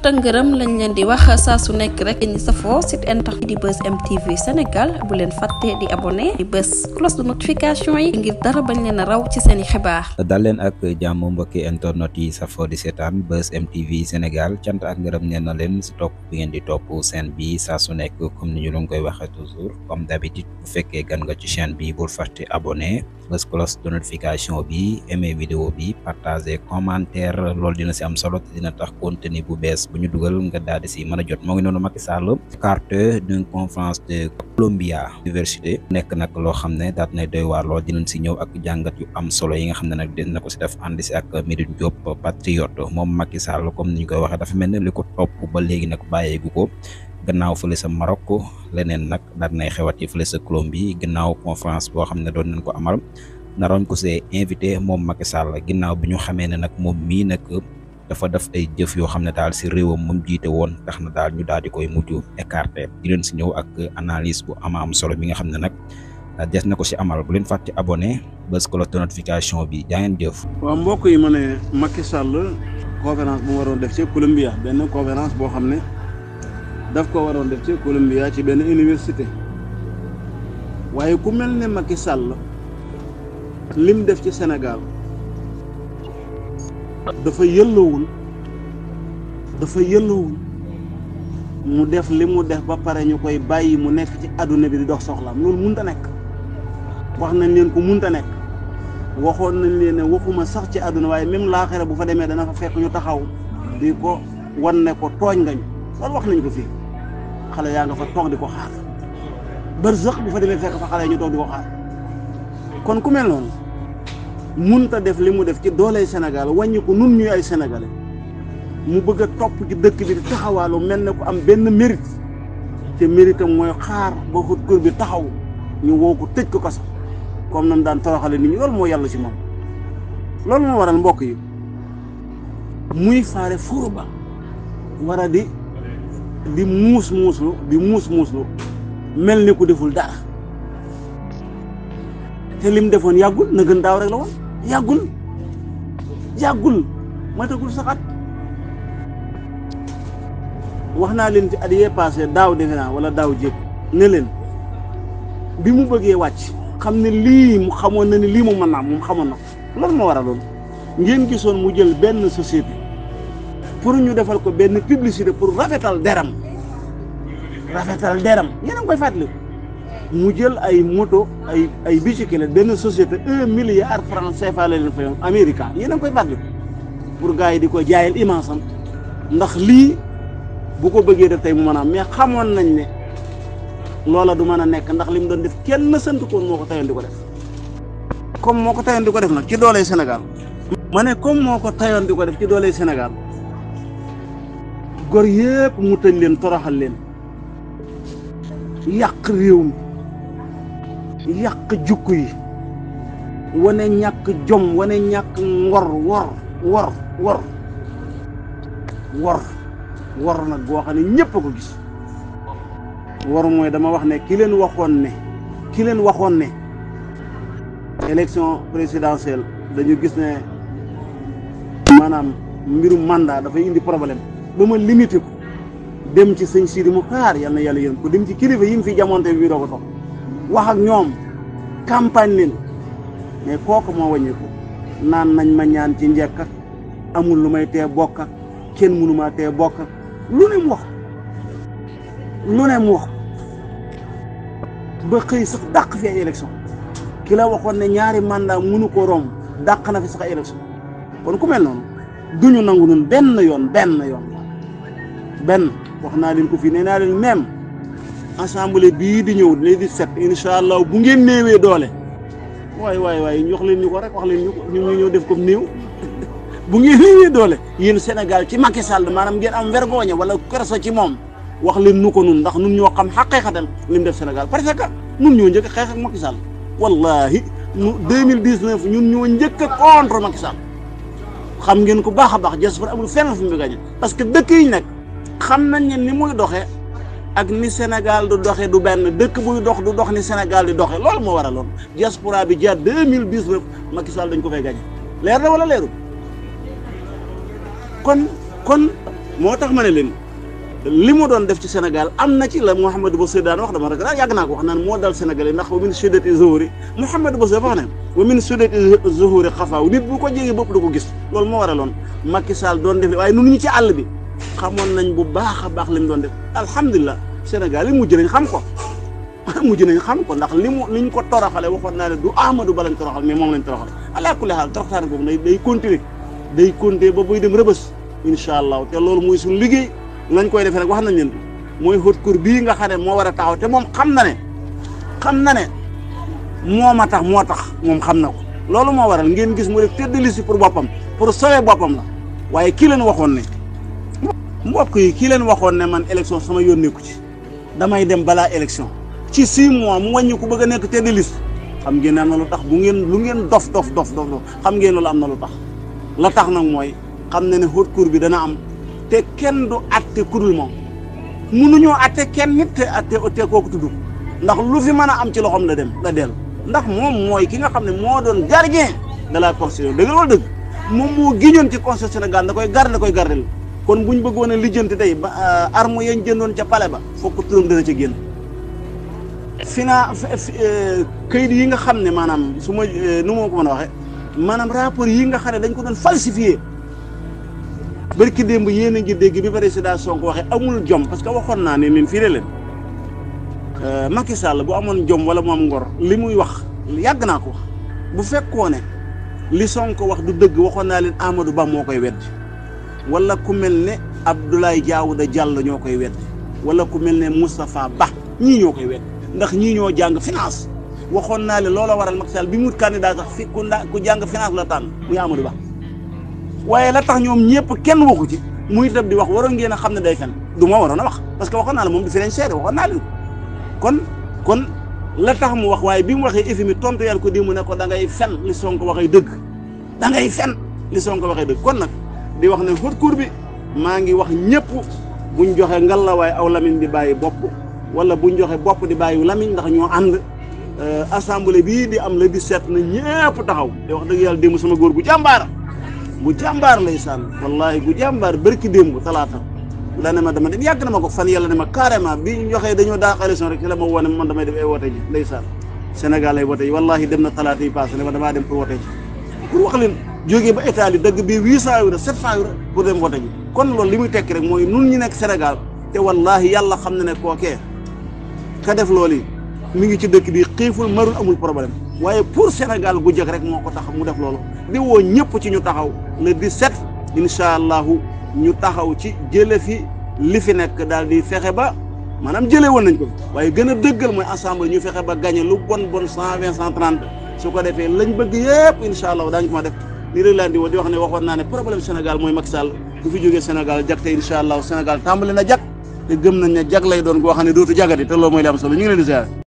tëngërëm lañ leen di wax saa su nekk rek ñi safoo site internet di bës MTV Sénégal bu leen fàtte di abonné di bës cloche de notification yi ngir dara bañ leen a raw ci seen i xibaar. dal leen ak jàmm mbokki internet yi safoo di seetaan bës MTV Sénégal cant ak ngërëm nee na leen si topp bi ngeen di topp seen bi saa su nekk comme ni ñu leen koy waxee toujours comme d'habitude bu fekkee gan nga ci chaîne bi bul fàtte abonné. bës cloche de notification bi aimé vidéo bi partager commentaire lol dina ci am solo dina tax contenu bu bes bu ñu nga dal di ci mëna jot mo ngi nonu Macky Sall carte d'une conférence de Columbia Université nek nak lo xamné dat né doy war lo dinañ ci ñëw ak jangat yu am solo yi nga xamné nak nag dina ko ci def andi ci ak Médine Diop patriote mom Macky Sall comme ni ñu koy waxe dafa melni ne top ba léegi nag ko gannaaw fële sa Maroc leneen nag daal nay xewat ci fële sa Colombie gannaaw confrance boo xam ne doon nañ ko amal naroon ko se invité moom Macky Sall ginnaaw bi ñu xamee ne nag moom mii nag dafa def ay jëf yoo xam ne daal si réewam moom jiite woon tax na daal ñu daal di koy mujj écarté di si ñëw ak analyse bu ama am solo bi nga xam ne nag des na ko si amal bu leen fàtte abonné bés ko la notification bi jaa jëf. waaw mbokk yi ma ne Macky Sall conférence bu mu waroon def benn conférence boo xam ne. daf ko waroon def ci Columbia ci benn université waaye ku mel ne Macky Sall lim def ci Sénégal dafa yëllawul dafa yëllawul mu def li mu def ba pare ñu koy bàyyi mu nekk ci àdduna bi di dox soxlaam loolu munta nekk wax nañ leen ko munta nekk waxoon nañ leen ne waxuma sax ci àdduna waaye même laaxira bu fa demee dana fa fekk ñu taxaw di ko wan ne ko tooñ ngañ loolu wax nañ ko fii xale yaa nga fa toog di ko xaar barzax bu fa demee fekk fa xale ñu toog di ko xaar kon ku mel noonu munta def li mu def ci dooley Sénégal wàññi ko nun ñuy ay sénégalais mu bëgg a topp ci dëkk bi di taxawaalu mel ne ko am benn mérite te mérite am mooy xaar ba xut kër bi taxaw ñu woo ko tëj ko kaso comme nam daan toroxale nit ñi loolu moo yàlla si moom loolu moo waral mbokk yi muy faare fóoru ba war di di muus muuslu di muus muuslu mel ni ku deful dara te lim defoon yàggul na gën daaw la woon yàggul yàggul matagul saxat wax naa leen ci at yee passé daaw defe naa wala daaw jéeg ne leen bi mu bëggee wàcc xam ne lii mu xamoon na ni lii mu man naa moom xamoon na loolu moo waral loolu ngeen gisoon mu jël benn société pour ñu defal ko benn publicité pour rafetal deram rafetal deram yéen a ngi koy fàttaliku mu jël ay moto ay ay bicyclette benn société un milliard franc CFA la leen fayoon américain yéen a koy fàttaliku pour gars yi di ko jaayal immense ndax lii bu ko bëggee def tey mu mën a mais xamoon nañ ne loola du man a nekk ndax li mu doon def kenn sant koon moo ko tayoon di ko def comme moo ko tayoon di ko def nag ci dooley Sénégal ma ne comme moo ko tayoon di ko def ci dooley Sénégal gor yépp mu tëñ leen toroxal leen yàq réew mi yàq jukku yi wane ñàkk jom wane ñàkk ngor wor wor wor wor wor nag goo xam ne ñépp a ko gis wor mooy dama wax ne ki leen waxoon ne ki leen waxoon ne élection présidentielle dañu gis ne maanaam mbirum màndaa dafay indi problème ba ma limité ko dem ci sëñ Sidi Muxtaar yal na yàlla yéen ko dem ci kilifa yi mu fi jamonte bi doo ko tox wax ak ñoom campagne leen mais kooku moo wàññeeku naan nañ ma ñaan ci njekk amul lu may tee bokka ak kenn mënu tee bokk ak lu ne mu wax lu ne mu wax ba xëy sax dàq fi ay élection ki la waxoon ne ñaari mandat mënu ko romb dàq na fi sax ay élection kon ku mel noonu duñu nangu nun benn yoon benn yoon benn wax naa leen ko fii nee naa leen même assemblée bii di ñëw le 17 incha allah bu ngeen néewee doole waaye waay waay ñu wax leen ñu ko rek wax leen ñu ko ñu ñëw def comme néew bu ngeen néewee doole yéen Sénégal ci Macky Sall maanaam ngeen am vergogne wala kersa ci moom wax leen nu ko nun ndax nun ñoo xam xaqeexatam li mu def Sénégal parce que nun ñoo njëkk a xeex ak Macky Sall wallahi nu 2019 ñun ñoo njëkk a contre Macky xam ngeen ku baax a baax Diaspora amul fenn fu mu gagné parce que dëkk yiñ ñu nekk xam nañ ne ni muy doxe ak ni Sénégal du doxe du benn dëkk buy dox du dox ni Sénégal di doxe loolu moo waraloon diaspora bi jaar deux mille dix-neuf Macky Sall dañ ko fay gañe leer na wala leerul kon kon tax ma ne leen li mu doon def ci Sénégal am na ci la Mouhamadou Bassirou daan wax dama rek daal yàgg naa ko wax naan moo dal Sénégal yi ndax wa min suddati zuhuri Mouhamadou Bassirou wax ne zuhuri xafaaw nit bu ko jégee bopp du ko gis loolu moo waraloon Macky Sall doon def waaye nun ñu ci àll bi xamoon nañ bu baax a baax lañ doon def alhamdulilah Sénégal yi mujj nañ xam ko mujj nañ xam ko ndax li mu ni ñu ko toroxale waxoon naa ne du Amadou Ba lañ toroxal mais moom lañ toroxal ala kulli xaal toroxtaan boobu day day continuer day continuer ba buy dem rëbës incha allah te loolu mooy suñu liggéey lañ koy defee rek wax nañ leen mooy haute cour bii nga xam ne moo war a taxaw te moom xam na ne xam na ne moo ma tax moo tax moom xam na ko loolu moo waral ngeen gis mu def tëddali si pour boppam pour sauver boppam waaye kii leen waxoon ne mbokk yi kii leen waxoon ne man élection sama yónneeku ci damay dem balaa élection ci six mois mu wàññi ku bëgg a nekk tête de liste xam ngeen am na lu tax bu ngeen lu ngeen dof dof dof dof xam ngeen loolu am na lu tax la tax nag mooy xam na ne haute cour bi dana am te kenn du atte kudul moom nu mënuñoo atte kenn nit te atte te kooku tudd ndax lu fi mën a am ci loxoom la dem la del ndax moom mooy ki nga xam ne moo doon gardien de la constitution dëgg loolu dëgg moom moo giñoon ci constitution da koy garder da koy garder kon bu ñu bëggoon a lijjanti tey ba euh, armo yañ jëndoon ca pale ba fokk turam dana ca génn fina euh, kayit yi nga xam ne maanaam su ma euh, nu ma ko mën a waxee maanaam rapport yi nga xam ne dañ ko doon falsifié barki démb yéen a ngi dégg bi président Sonko waxee amul jom parce que waxoon naa ne min fii leen Macky Sall bu amoon jom wala moom ngor li muy wax yàgg naa ko wax bu fekkoone li Sonko wax du dëgg waxoon naa leen Amadou Ba moo koy weddi ولا كملني عبد الله جاود جال نيوكاي ويت ولا كملني مصطفى با ني نيوكاي ويت داخ ني نيو جانغ فينانس واخون نالي لولا وارال مكسال بي موت كانديدات داخ في كوندا كو جانغ فينانس لا تان مو يامر با وايي لا تاخ نيوم نييب كين واخو جي موي تاب دي واخ وارو نغينا خامن داي فن دوما وارونا واخ باسكو واخون لا تاخ مو واخ واي بي مو واخي افيمي تونتو فن لي سونكو دغ داغاي فن لي سونكو دغ كون di wax ne haute cour bi maa ngi wax ñëpp buñ joxe ngallaawaay aw lamin di bàyyi bopp wala buñ joxe bopp di bàyyi lamin ndax ñoo ànd euh, assemblée bii di am la di seet na ñëpp taxaw te wax dëgg yàlla démb sama góor gu jàmbaar gu jàmbaar lay sànn wallaahi gu jàmbaar barki démb talaata dane ma dama dem yàgg na ma ko fan yàlla ne ma carrément bi ñu joxee dañoo daax élection rek ci la ma woo ne man damay def ay wote ji ndeysaan Sénégal ay wote ji wallaahi dem na talaata yi passé ne ma dem pour wote jógee ba Italie dëgg bi huit cent euro sept cent euro pour dem vote ji kon loolu li muy tekki rek mooy nun ñu nekk Sénégal te wallahi yàlla xam na ne kookee ka def loolu yi mi ngi ci dëkk bi xiiful marul amul problème waaye pour Sénégal gu jëkk rek moo ko tax mu def loolu di woo ñëpp ci ñu taxaw le 17 incha allahu ñu taxaw ci jële fi li fi nekk daal di fexe ba maanaam jëlee woon nañ ko waaye gën a dëggal mooy ensemble ñu fexe ba gagné lu bon bon cent su ko defee lañ bëgg incha allah daañu ko def lii rek laa di woon di wax ne waxoon naa ne problème Sénégal mooy Macky Sall bu fi jógee Sénégal jag te incha allah Sénégal tàmbali na jag te gëm nañ ne jag lay doon goo xam ne dootu jagati te loolu mooy li am solo ñu ngi leen di ziar